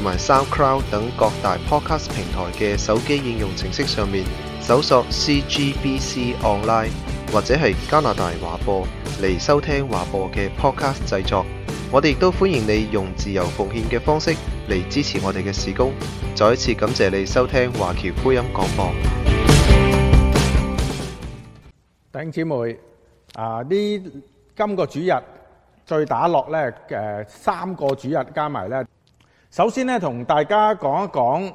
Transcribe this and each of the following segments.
同埋 SoundCloud 等各大 Podcast 平台嘅手機應用程式上面搜索 CGBC Online 或者係加拿大華播嚟收聽華播嘅 Podcast 製作。我哋亦都歡迎你用自由奉獻嘅方式嚟支持我哋嘅事工。再一次感謝你收聽華僑福音廣播。弟兄姊妹，啊、呃、呢今個主日再打落咧，誒、呃、三個主日加埋咧。首先咧，同大家講一講，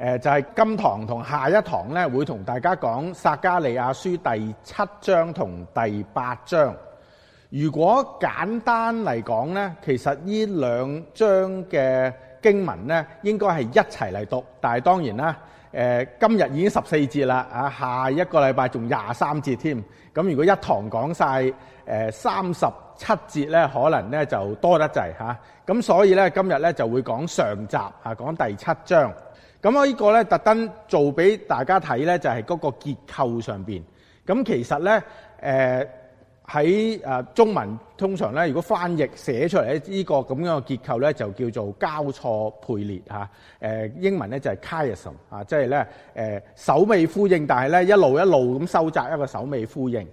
誒，就係、是、今堂同下一堂咧，會同大家講撒迦利亞書第七章同第八章。如果簡單嚟講呢，其實呢兩章嘅經文呢應該係一齊嚟讀，但係當然啦，誒、呃，今日已經十四節啦，啊，下一個禮拜仲廿三節添。咁如果一堂講晒誒三十，呃30七節咧，可能咧就多得滯嚇，咁所以咧今日咧就會講上集嚇，講第七章。咁我呢個咧特登做俾大家睇咧，就係、是、嗰個結構上面。咁其實咧，誒、呃、喺中文通常咧，如果翻譯寫出嚟呢、這個個咁樣嘅結構咧，就叫做交錯配列、呃、英文咧就係 chiasm，啊，即係咧誒首尾呼應，但係咧一路一路咁收窄一個首尾呼應。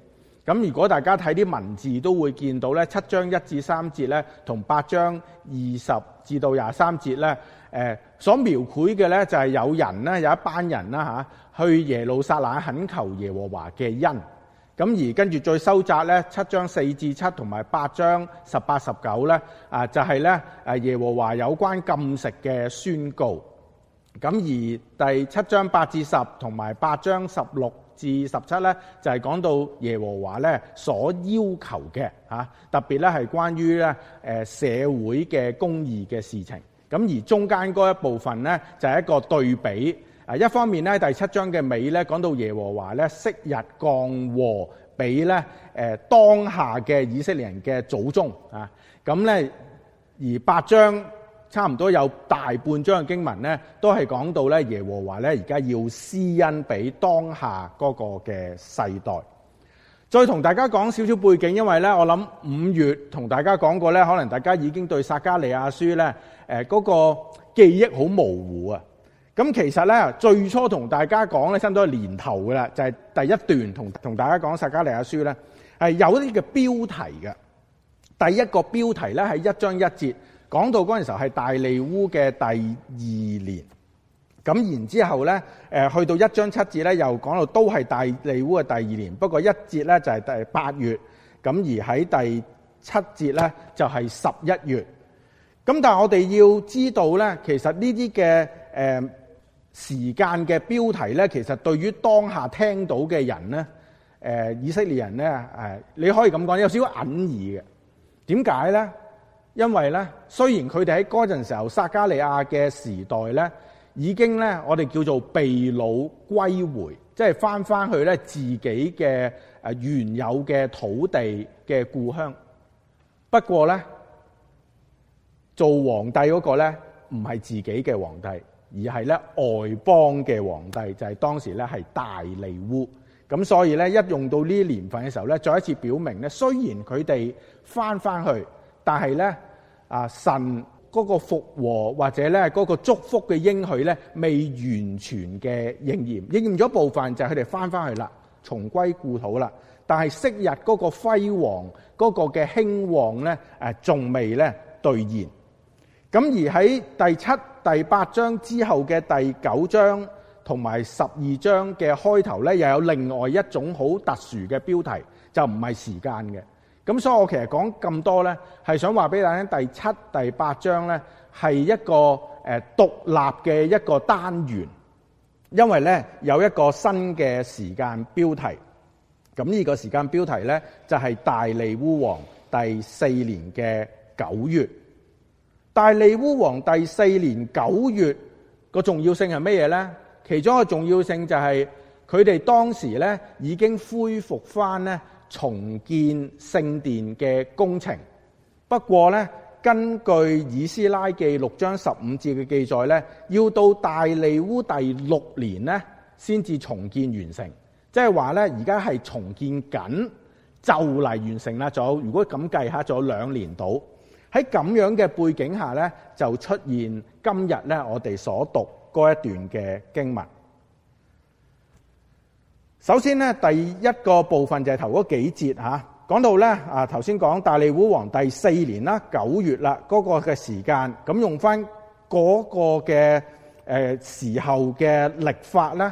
咁如果大家睇啲文字都會見到咧，七章一至三節咧，同八章二十至到廿三節咧，誒、呃、所描繪嘅咧就係、是、有人咧有一班人啦吓、啊、去耶路撒冷懇求耶和華嘅恩。咁而跟住再收窄咧，七章四至七同埋八章十八十,八十九咧，啊就係咧誒耶和華有關禁食嘅宣告。咁而第七章八至十同埋八章十六。至十七咧就係講到耶和華咧所要求嘅特別咧係關於咧社會嘅公義嘅事情。咁而中間嗰一部分咧就係一個對比啊。一方面咧第七章嘅尾咧講到耶和華咧昔日降禍俾咧誒當下嘅以色列人嘅祖宗啊。咁咧而八章，差唔多有大半章嘅經文咧，都係講到咧耶和華咧，而家要施恩俾當下嗰個嘅世代。再同大家講少少背景，因為咧我諗五月同大家講過咧，可能大家已經對撒迦利亞書咧，嗰、呃嗰個記憶好模糊啊。咁其實咧最初同大家講咧，差唔多係年頭噶啦，就係、是、第一段同同大家講撒迦利亞書咧，係有啲嘅標題嘅。第一個標題咧係一章一節。講到嗰陣時候係大利烏嘅第二年，咁然之後呢，去到一章七節呢，又講到都係大利烏嘅第二年。不過一節呢，就係、是、第八月，咁而喺第七節呢，就係、是、十一月。咁但係我哋要知道呢，其實呢啲嘅誒時間嘅標題呢，其實對於當下聽到嘅人呢、呃，以色列人呢，你可以咁講有少少隱義嘅。點解呢？因為咧，雖然佢哋喺嗰陣時候撒迦利亞嘅時代咧，已經咧我哋叫做被擄歸回，即係翻翻去咧自己嘅誒、呃、原有嘅土地嘅故鄉。不過咧，做皇帝嗰個咧唔係自己嘅皇帝，而係咧外邦嘅皇帝，就係、是、當時咧係大利烏。咁所以咧，一用到呢啲年份嘅時候咧，再一次表明咧，雖然佢哋翻翻去。但係咧，啊神嗰個復和，或者咧嗰個祝福嘅應許咧，未完全嘅應驗，應驗咗部分就係佢哋翻翻去啦，重歸故土啦。但係昔日嗰個輝煌嗰個嘅興旺咧，誒、啊、仲未咧兌現。咁而喺第七、第八章之後嘅第九章同埋十二章嘅開頭咧，又有另外一種好特殊嘅標題，就唔係時間嘅。咁所以我其實講咁多呢，係想話俾大家聽，第七、第八章呢，係一個誒、呃、獨立嘅一個單元，因為呢，有一個新嘅時間標題。咁呢個時間標題呢，就係、是、大利烏王第四年嘅九月。大利烏王第四年九月，那個重要性係咩嘢呢？其中一個重要性就係佢哋當時呢已經恢復翻呢。重建聖殿嘅工程，不過呢，根據以斯拉記六章十五節嘅記載呢，要到大利烏第六年咧，先至重建完成。即係話咧，而家係重建緊，就嚟完成啦。仲有，如果咁計下，仲有兩年到。喺咁樣嘅背景下呢，就出現今日我哋所讀嗰一段嘅經文。首先咧，第一個部分就係頭嗰幾節嚇、啊、講到咧啊，頭先講大利烏王第四年啦，九月啦，嗰、那個嘅時間，咁用翻嗰個嘅誒、呃、時候嘅曆法咧，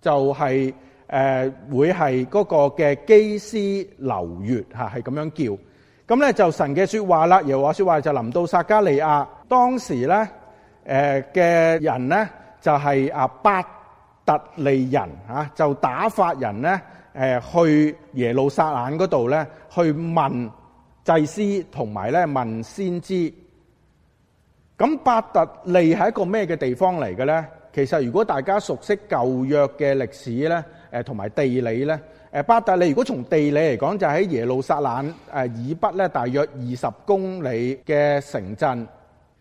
就係、是、誒、呃、會係嗰個嘅基斯流月嚇，係、啊、咁樣叫。咁咧就神嘅說話啦，耶和華説話就臨到撒迦利亞，當時咧誒嘅人咧就係、是、啊伯。特利人啊，就打發人咧，誒去耶路撒冷嗰度咧，去問祭司同埋咧問先知。咁伯特利係一個咩嘅地方嚟嘅咧？其實如果大家熟悉舊約嘅歷史咧，誒同埋地理咧，誒伯特利如果從地理嚟講，就喺耶路撒冷誒以北咧，大約二十公里嘅城鎮。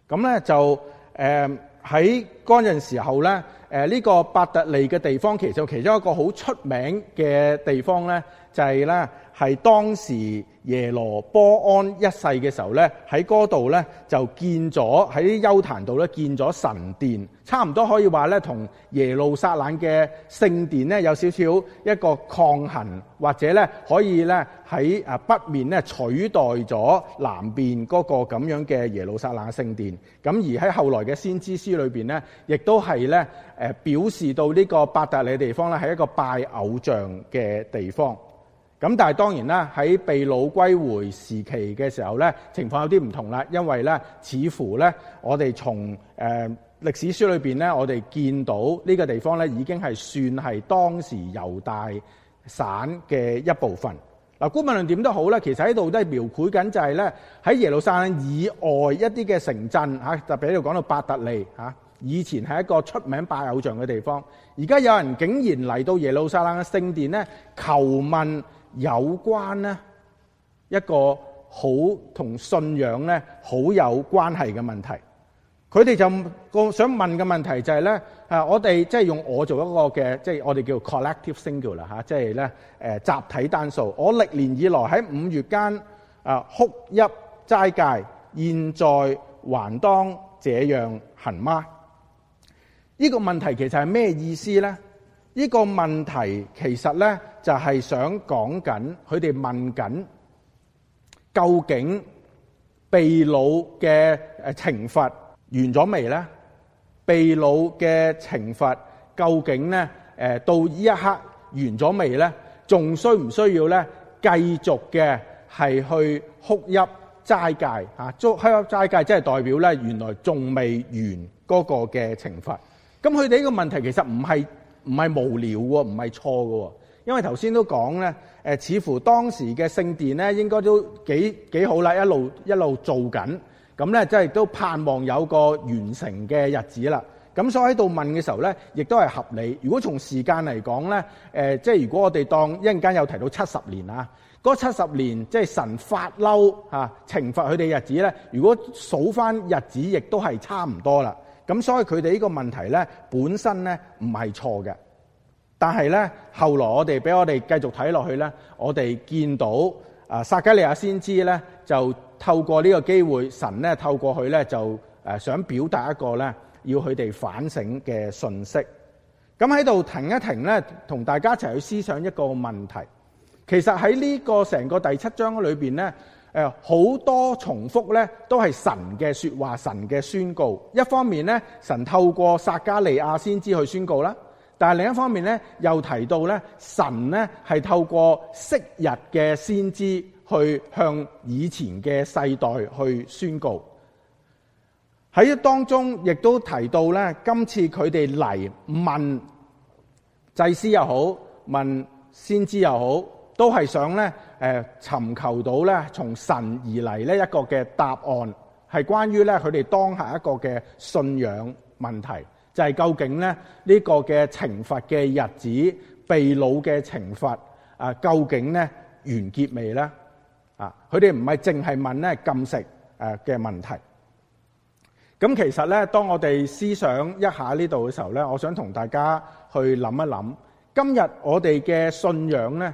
咁咧就誒喺嗰陣時候咧。誒、呃、呢、這個伯特利嘅地方，其實其中一個好出名嘅地方咧，就係咧。係當時耶羅波安一世嘅時候咧，喺嗰度咧就建咗喺邱壇度咧建咗神殿，差唔多可以話咧同耶路撒冷嘅聖殿咧有少少一個抗衡，或者咧可以咧喺北面咧取代咗南邊嗰個咁樣嘅耶路撒冷聖殿。咁而喺後來嘅先知書裏面咧，亦都係咧表示到呢個伯特利地方咧係一個拜偶像嘅地方。咁但係當然啦，喺被擄歸回時期嘅時候呢，情況有啲唔同啦。因為呢，似乎呢，我哋從誒歷史書裏面呢，我哋見到呢個地方呢，已經係算係當時猶大省嘅一部分。嗱、啊，觀文論點都好呢，其實喺度都係描繪緊就係、是、呢，喺耶路撒冷以外一啲嘅城鎮嚇，就俾度講到伯特利以前係一個出名拜偶像嘅地方。而家有人竟然嚟到耶路撒冷嘅聖殿呢，求問。有關呢，一個好同信仰咧好有關係嘅問題，佢哋就個想問嘅問題就係咧，啊，我哋即係用我做一個嘅，即係我哋叫 collective single 啦吓，即係咧誒集體單數。我歷年以來喺五月間啊哭泣齋戒，現在還當這樣行嗎？呢個問題其實係咩意思咧？呢個問題其實咧就係想講緊，佢哋問緊究竟被擄嘅誒懲罰完咗未咧？被擄嘅懲罰究竟咧誒到呢一刻完咗未咧？仲需唔需要咧繼續嘅係去哭泣齋戒啊？哭哭泣齋戒即係代表咧原來仲未完嗰個嘅懲罰。咁佢哋呢個問題其實唔係。唔係無聊喎，唔係錯嘅喎，因為頭先都講咧，誒似乎當時嘅聖殿咧應該都幾幾好啦，一路一路做緊，咁咧即係都盼望有個完成嘅日子啦。咁所以喺度問嘅時候咧，亦都係合理。如果從時間嚟講咧，誒即係如果我哋當一陣間有提到七十年啊，嗰七十年即係神發嬲啊懲罰佢哋日子咧，如果數翻日子，亦都係差唔多啦。咁所以佢哋呢個問題呢，本身呢唔係錯嘅，但係呢後來我哋俾我哋繼續睇落去呢，我哋見到啊撒迦利亞先知呢就透過呢個機會，神呢透過佢呢就誒想表達一個呢要佢哋反省嘅訊息。咁喺度停一停呢，同大家一齊去思想一個問題。其實喺呢個成個第七章嘅裏邊呢。誒好多重複咧，都係神嘅說話，神嘅宣告。一方面咧，神透過撒迦利亞先知去宣告啦，但係另一方面咧，又提到咧，神咧係透過昔日嘅先知去向以前嘅世代去宣告。喺當中亦都提到咧，今次佢哋嚟問祭司又好，問先知又好。都係想咧，誒、呃、尋求到咧，從神而嚟呢一個嘅答案，係關於咧佢哋當下一個嘅信仰問題，就係、是、究竟咧呢、這個嘅懲罰嘅日子、被擄嘅懲罰啊，究竟咧完結未咧？啊，佢哋唔係淨係問咧禁食誒嘅問題。咁其實咧，當我哋思想一下呢度嘅時候咧，我想同大家去諗一諗，今日我哋嘅信仰咧。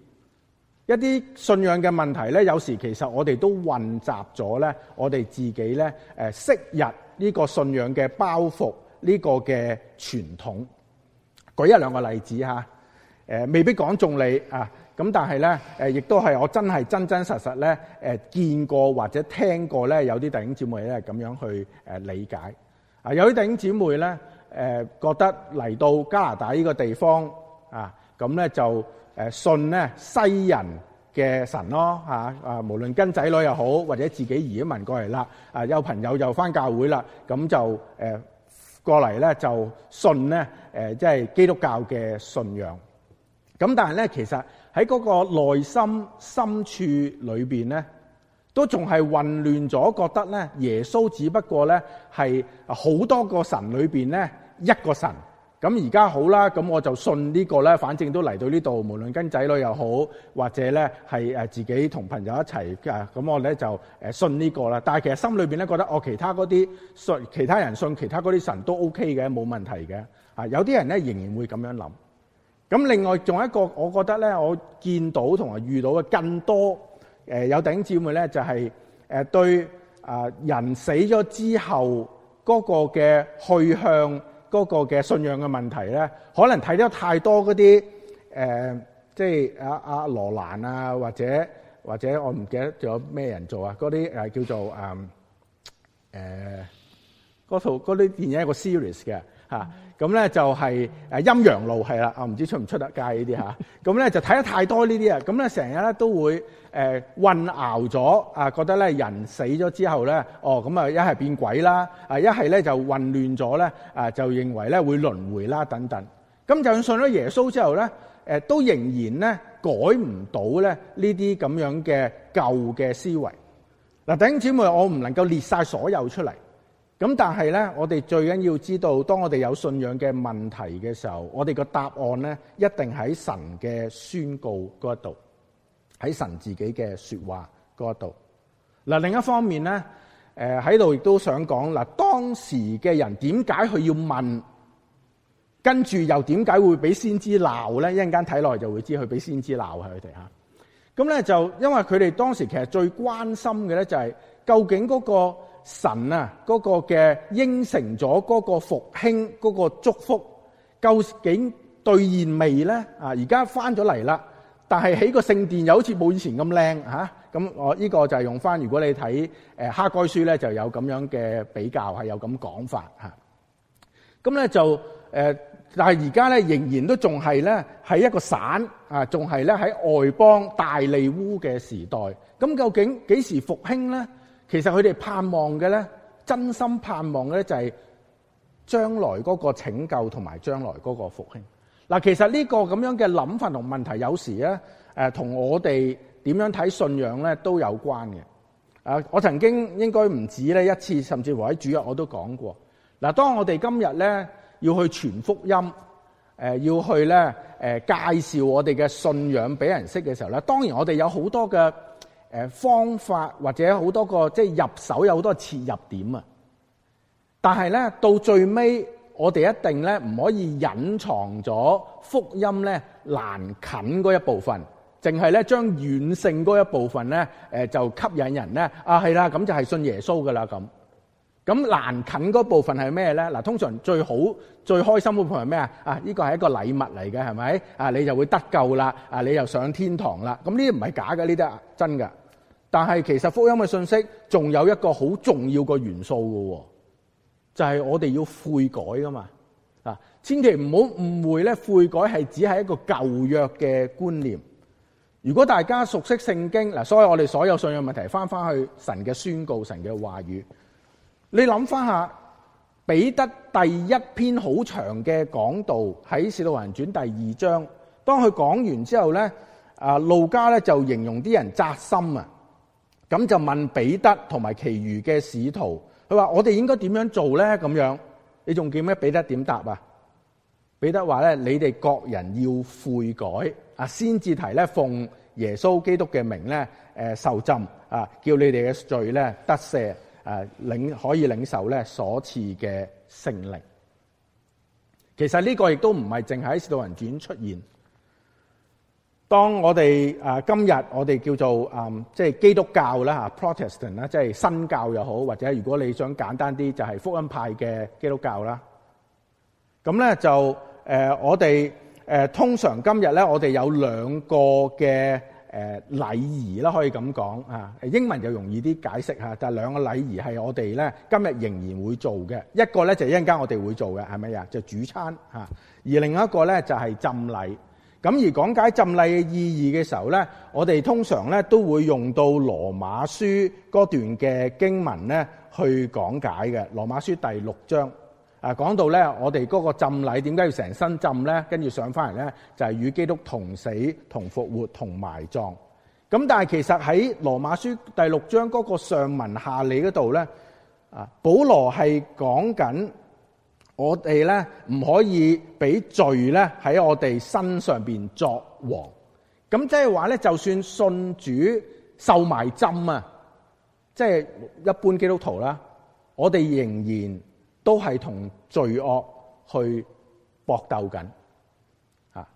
一啲信仰嘅問題咧，有時其實我哋都混雜咗咧，我哋自己咧誒昔日呢個信仰嘅包袱呢、呢個嘅傳統。舉一兩個例子嚇，誒未必講中你啊，咁但係咧誒亦都係我真係真真實實咧誒見過或者聽過咧有啲弟兄姊妹咧咁樣去誒理解啊，有啲弟兄姊妹咧誒覺得嚟到加拿大呢個地方啊，咁咧就。誒信咧西人嘅神咯嚇啊，無論跟仔女又好，或者自己移民過嚟啦，啊有朋友又返教會啦，咁就誒過嚟咧就信咧誒，即係基督教嘅信仰。咁但係咧，其實喺嗰個內心深處裏邊咧，都仲係混亂咗，覺得咧耶穌只不過咧係好多個神裏邊咧一個神，咁而家好啦，咁我就信呢個咧，反正都嚟到呢度，無論跟仔女又好，或者咧係自己同朋友一齊嘅，咁我咧就信呢個啦。但係其實心裏面咧覺得，我、哦、其他嗰啲信其他人信其他嗰啲神都 OK 嘅，冇問題嘅。啊，有啲人咧仍然會咁樣諗。咁另外仲有一個，我覺得咧，我見到同埋遇到嘅更多誒有弟兄姊妹咧，就係、是、對啊人死咗之後嗰、那個嘅去向。嗰個嘅信仰嘅問題咧，可能睇得太多嗰啲誒，即係阿阿羅蘭啊，或者或者我唔記得仲有咩人做啊，嗰啲誒叫做誒，嗰套嗰啲電影係個 series 嘅。咁、啊、咧就係、是、誒、啊、陰陽路係啦，我唔知出唔出得街呢啲嚇。咁咧就睇得太多呢啲啊，咁咧成日咧都會誒、呃、混淆咗啊，覺得咧人死咗之後咧，哦咁啊一係變鬼啦，啊一係咧就混亂咗咧，啊就認為咧會輪迴啦等等。咁就算信咗耶穌之後咧、啊，都仍然咧改唔到咧呢啲咁樣嘅舊嘅思維。嗱、啊，弟兄姊妹，我唔能夠列晒所有出嚟。咁但係咧，我哋最緊要知道，當我哋有信仰嘅問題嘅時候，我哋個答案咧一定喺神嘅宣告嗰度，喺神自己嘅說話嗰度。嗱、啊、另一方面咧，誒喺度亦都想講嗱，當時嘅人點解佢要問？跟住又點解會俾先知鬧咧？一陣間睇落就會知佢俾先知鬧佢哋嚇。咁、啊、咧就因為佢哋當時其實最關心嘅咧就係、是、究竟嗰、那個。神啊，嗰個嘅應承咗嗰個復興嗰個祝福，究竟兌現未咧？啊，而家翻咗嚟啦，但係起個聖殿又好似冇以前咁靚嚇。咁我呢個就係用翻，如果你睇誒哈該書咧，就有咁樣嘅比較係有咁講法嚇。咁咧就誒，但係而家咧仍然都仲係咧，喺一個省啊，仲係咧喺外邦大利烏嘅時代。咁究竟幾時復興咧？其實佢哋盼望嘅咧，真心盼望嘅咧就係將來嗰個拯救同埋將來嗰個復興。嗱，其實呢個咁樣嘅諗法同問題，有時咧誒同我哋點樣睇信仰咧都有關嘅。啊，我曾經應該唔止咧一次，甚至乎喺主日我都講過。嗱，當我哋今日咧要去傳福音，誒要去咧誒介紹我哋嘅信仰俾人識嘅時候咧，當然我哋有好多嘅。誒方法或者好多個，即係入手有好多切入點啊！但係咧到最尾，我哋一定咧唔可以隱藏咗福音咧難近嗰一部分，淨係咧將軟性嗰一部分咧誒、呃、就吸引人咧啊係啦，咁就係信耶穌噶啦咁。咁難近嗰部分係咩咧？嗱，通常最好最開心嗰部分係咩啊？啊，呢個係一個禮物嚟嘅，係咪啊？你就會得救啦，啊，你又上天堂啦。咁呢啲唔係假嘅，呢啲真㗎。但係，其實福音嘅信息仲有一個好重要個元素嘅，就係我哋要悔改噶嘛啊！千祈唔好誤會咧，悔改係只係一個舊約嘅觀念。如果大家熟悉聖經嗱，所以我哋所有信仰問題翻翻去神嘅宣告、神嘅話語。你諗翻下，彼得第一篇好長嘅講道喺《使徒行傳》第二章，當佢講完之後咧，啊路加咧就形容啲人扎心啊！咁就問彼得同埋其餘嘅使徒，佢話：我哋應該點樣做咧？咁樣，你仲叫咩？彼得點答啊？彼得話咧：你哋各人要悔改啊，先至提咧奉耶穌基督嘅名咧誒受浸啊，叫你哋嘅罪咧得赦誒領可以領受咧所賜嘅聖靈。其實呢個亦都唔係淨係喺使徒行傳出現。當我哋啊今日我哋叫做嗯即係基督教啦、啊、Protestant 啦即係新教又好，或者如果你想簡單啲就係、是、福音派嘅基督教啦。咁、啊、咧就誒、呃、我哋誒、呃、通常今日咧我哋有兩個嘅誒禮儀啦，可以咁講啊。英文就容易啲解釋、啊、但就兩個禮儀係我哋咧今日仍然會做嘅。一個咧就一陣間我哋會做嘅係咪呀？就主餐、啊、而另一個咧就係、是、浸禮。咁而講解浸禮嘅意義嘅時候呢，我哋通常呢都會用到《羅馬書》嗰段嘅經文呢去講解嘅，《羅馬書》第六章啊講到呢，我哋嗰個浸禮點解要成身浸呢？跟住上返嚟呢，就係與基督同死、同復活、同埋葬。咁但係其實喺《羅馬書》第六章嗰個上文下理嗰度呢，啊，保羅係講緊。我哋咧，唔可以俾罪咧，喺我哋身上邊作王，咁即係話咧，就算信主受埋針啊，即係一般基督徒啦，我哋仍然都係同罪惡去搏鬥緊，啊，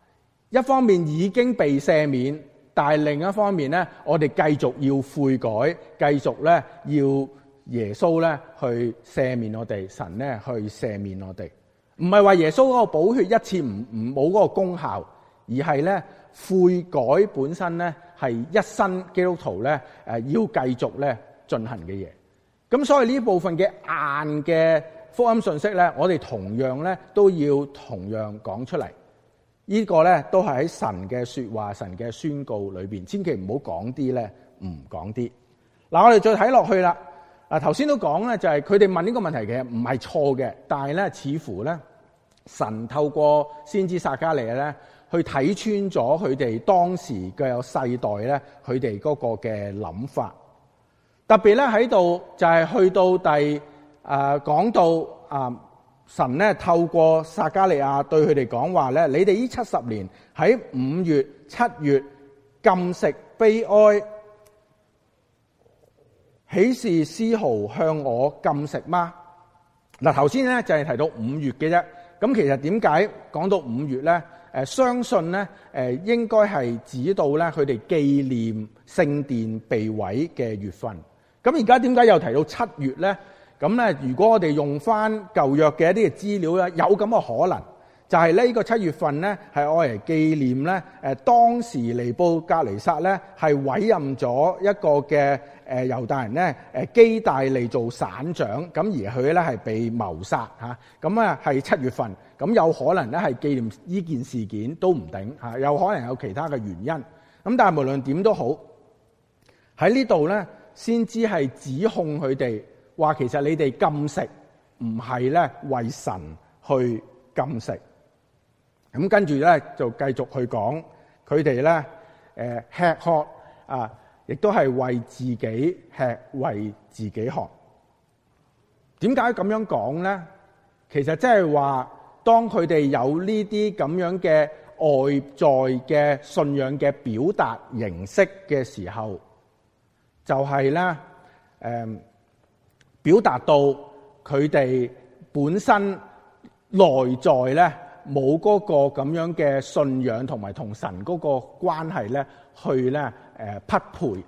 一方面已經被赦免，但係另一方面咧，我哋繼續要悔改，繼續咧要。耶穌咧去赦免我哋，神咧去赦免我哋，唔係話耶穌嗰個寶血一次唔唔冇嗰個功效，而係咧悔改本身咧係一身基督徒咧要繼續咧進行嘅嘢。咁所以呢部分嘅硬嘅福音信息咧，我哋同樣咧都要同樣講出嚟。呢、這個咧都係喺神嘅說話、神嘅宣告裏邊。千祈唔好講啲咧唔講啲嗱。我哋再睇落去啦。啊，頭先都講咧，就係佢哋問呢個問題，嘅唔係錯嘅，但係咧，似乎咧，神透過先知撒迦利亞咧，去睇穿咗佢哋當時嘅有世代咧，佢哋嗰個嘅諗法。特別咧喺度就係去到第誒講、呃、到啊、呃，神咧透過撒迦利亞對佢哋講話咧，你哋呢七十年喺五月、七月禁食、悲哀。豈是絲毫向我禁食嗎？嗱，頭先咧就係提到五月嘅啫。咁其實點解講到五月咧？誒，相信咧誒，應該係指到咧佢哋紀念聖殿被毀嘅月份。咁而家點解又提到七月咧？咁咧，如果我哋用翻舊約嘅一啲嘅資料咧，有咁嘅可能。但係呢個七月份咧，係愛嚟紀念咧。誒，當時尼布甲尼撒咧，係委任咗一個嘅，誒猶大人咧，誒基大利做省長。咁而佢咧係被謀殺嚇。咁啊，係七月份。咁有可能咧係紀念呢件事件都唔定嚇，有可能有其他嘅原因。咁但係無論點都好，喺呢度咧，先知係指控佢哋話其實你哋禁食唔係咧為神去禁食。咁跟住咧，就繼續去講佢哋咧，誒吃喝啊，亦都係為自己吃，為自己喝。點解咁樣講咧？其實即係話，當佢哋有呢啲咁樣嘅外在嘅信仰嘅表達形式嘅時候，就係、是、咧、呃，表達到佢哋本身內在咧。冇嗰個咁樣嘅信仰同埋同神嗰個關係咧，去咧誒匹配，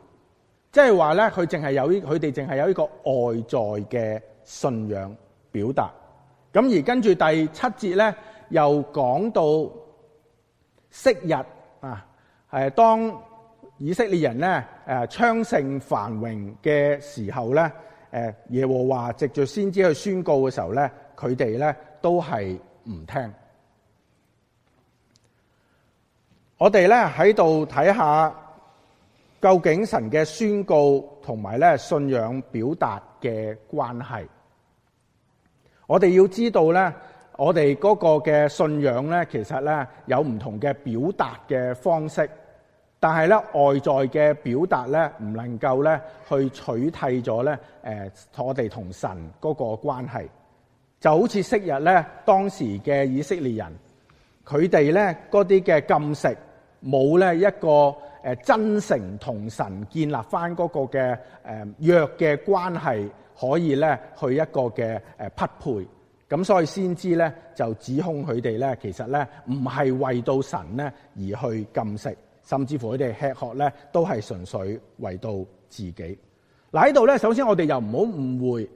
即係話咧，佢淨係有呢，佢哋淨係有一個外在嘅信仰表達。咁而跟住第七節咧，又講到昔日啊，當以色列人咧誒昌盛繁榮嘅時候咧，誒耶和華藉着先知去宣告嘅時候咧，佢哋咧都係唔聽。我哋咧喺度睇下究竟神嘅宣告同埋咧信仰表達嘅關係。我哋要知道咧，我哋嗰個嘅信仰咧，其實咧有唔同嘅表達嘅方式，但係咧外在嘅表達咧唔能夠咧去取替咗咧誒我哋同神嗰個關係。就好似昔日咧當時嘅以色列人，佢哋咧嗰啲嘅禁食。冇咧一個真誠同神建立翻嗰個嘅誒約嘅關係，可以咧去一個嘅誒匹配，咁所以先知咧就指控佢哋咧，其實咧唔係為到神咧而去禁食，甚至乎佢哋吃喝咧都係純粹為到自己。嗱，喺度咧，首先我哋又唔好誤會，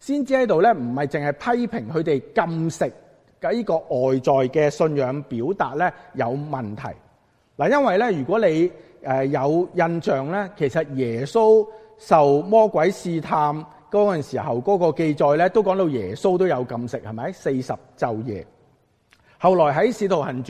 先知喺度咧唔係淨係批評佢哋禁食嘅，呢個外在嘅信仰表達咧有問題。嗱，因為咧，如果你有印象咧，其實耶穌受魔鬼試探嗰陣時候，嗰個記載咧，都講到耶穌都有禁食，係咪？四十晝夜。後來喺《使徒行傳》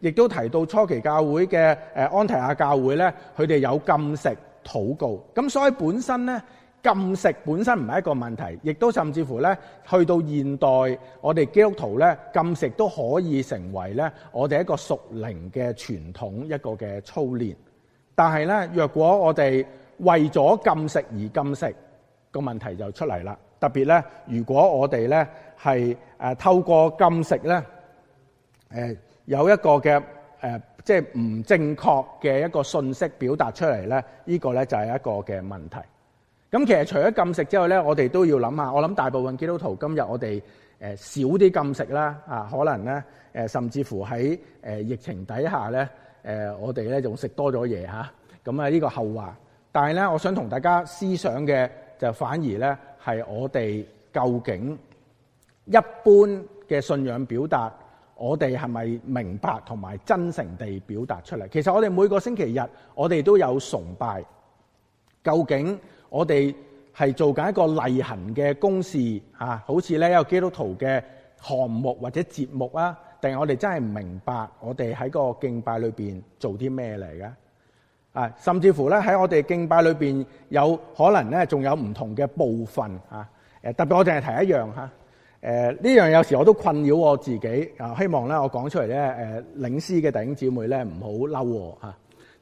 亦都提到初期教會嘅安提阿教會咧，佢哋有禁食、禱告。咁所以本身咧。禁食本身唔係一個問題，亦都甚至乎咧，去到現代，我哋基督徒咧禁食都可以成為咧我哋一個屬靈嘅傳統一個嘅操練。但係咧，若果我哋為咗禁食而禁食，個問題就出嚟啦。特別咧，如果我哋咧係誒透過禁食咧，誒、呃、有一個嘅誒即係唔正確嘅一個信息表達出嚟咧，這個、呢個咧就係、是、一個嘅問題。咁其實除咗禁食之外咧，我哋都要諗下。我諗大部分基督徒今日我哋誒、呃、少啲禁食啦，啊可能咧誒、呃、甚至乎喺誒、呃、疫情底下咧誒、呃、我哋咧仲食多咗嘢嚇。咁啊呢個後話。但係咧，我想同大家思想嘅就反而咧係我哋究竟一般嘅信仰表達，我哋係咪明白同埋真誠地表達出嚟？其實我哋每個星期日我哋都有崇拜，究竟，我哋係做緊一個例行嘅公事嚇，好似咧一個基督徒嘅項目或者節目啊，定係我哋真係唔明白我哋喺個敬拜裏面做啲咩嚟嘅啊？甚至乎咧喺我哋敬拜裏面，有可能咧仲有唔同嘅部分嚇。誒，特別我淨係提一樣嚇，誒呢樣有時我都困擾我自己啊。希望咧我講出嚟咧誒領師嘅弟兄姊妹咧唔好嬲我嚇。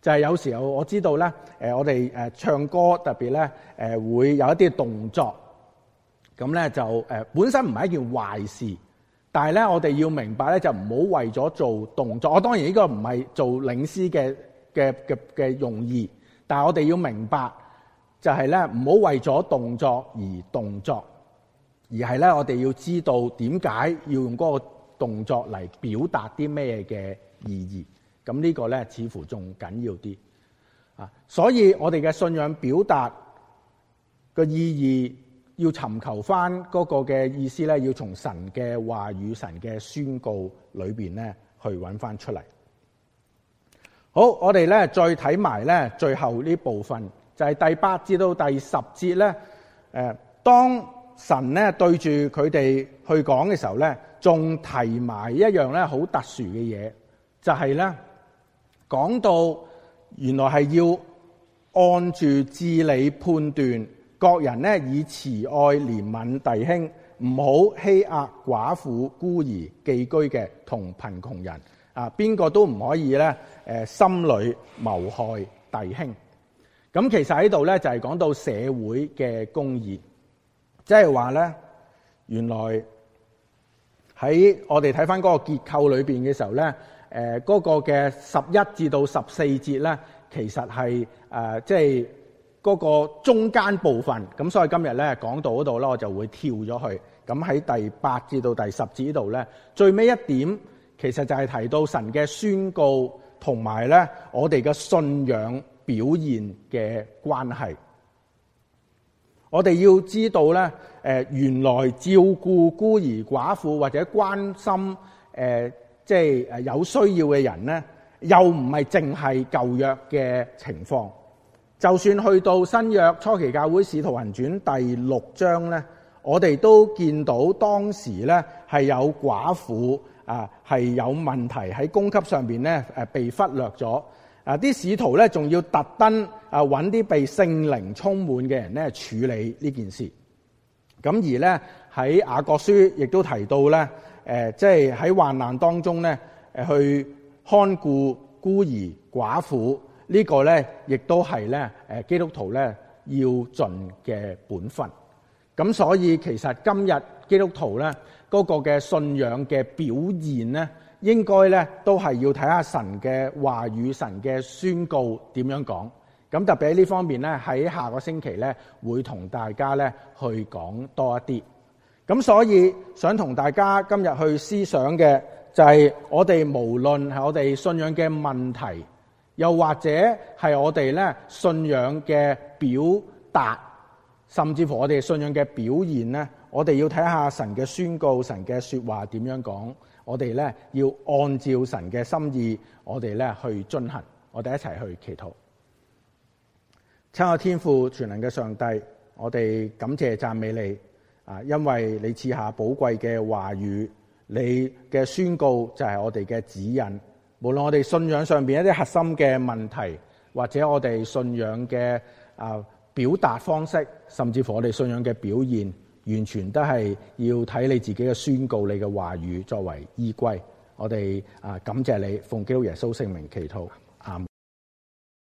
就係、是、有時候我知道咧，誒、呃、我哋唱歌特別咧，誒、呃、會有一啲動作，咁咧就誒、呃、本身唔係一件壞事，但係咧我哋要明白咧就唔好為咗做動作。我當然呢個唔係做領詩嘅嘅嘅嘅用意，但係我哋要明白就係咧唔好為咗動作而動作，而係咧我哋要知道點解要用嗰個動作嚟表達啲咩嘅意義。咁呢個咧，似乎仲緊要啲啊！所以我哋嘅信仰表達個意義，要尋求翻嗰個嘅意思咧，要從神嘅話語神嘅宣告裏面咧，去揾翻出嚟。好，我哋咧再睇埋咧最後呢部分，就係第八節到第十節咧。誒、呃，當神咧對住佢哋去講嘅時候咧，仲提埋一樣咧好特殊嘅嘢，就係咧。講到原來係要按住至理判斷，各人咧以慈愛憐憫弟兄，唔好欺壓寡婦、孤兒、寄居嘅同貧窮人。啊，邊個都唔可以咧誒，心裏謀害弟兄。咁其實喺度咧就係講到社會嘅公義，即係話咧原來喺我哋睇翻嗰個結構裏邊嘅時候咧。誒、呃、嗰、嗰個嘅十一至到十四節咧，其實係誒即係嗰個中間部分。咁所以今日咧講到嗰度咧，我就會跳咗去。咁喺第八至到第十節呢度咧，最尾一點其實就係提到神嘅宣告同埋咧，我哋嘅信仰表現嘅關係。我哋要知道咧，誒、呃、原來照顧孤兒寡婦或者關心誒。呃即係有需要嘅人咧，又唔係淨係舊約嘅情況。就算去到新約初期教會《使徒行傳》第六章咧，我哋都見到當時咧係有寡婦啊，係有問題喺供給上面咧被忽略咗。啊，啲使徒咧仲要特登啊揾啲被聖靈充滿嘅人咧處理呢件事。咁而咧喺雅各書亦都提到咧。誒、呃，即係喺患難當中咧，去看顧孤兒寡婦，這個、呢個咧亦都係咧、呃，基督徒咧要盡嘅本分。咁所以其實今日基督徒咧嗰、那個嘅信仰嘅表現咧，應該咧都係要睇下神嘅話與神嘅宣告點樣講。咁特別喺呢方面咧，喺下個星期咧會同大家咧去講多一啲。咁所以想同大家今日去思想嘅就係我哋無論係我哋信仰嘅問題，又或者係我哋咧信仰嘅表達，甚至乎我哋信仰嘅表現咧，我哋要睇下神嘅宣告、神嘅說話點樣講，我哋咧要按照神嘅心意，我哋咧去進行，我哋一齊去祈禱。親愛天父、全能嘅上帝，我哋感謝讚美你。啊，因為你賜下寶貴嘅話語，你嘅宣告就係我哋嘅指引。無論我哋信仰上面一啲核心嘅問題，或者我哋信仰嘅啊表達方式，甚至乎我哋信仰嘅表現，完全都係要睇你自己嘅宣告，你嘅話語作為依歸。我哋啊感謝你，奉基督耶穌聖名祈禱。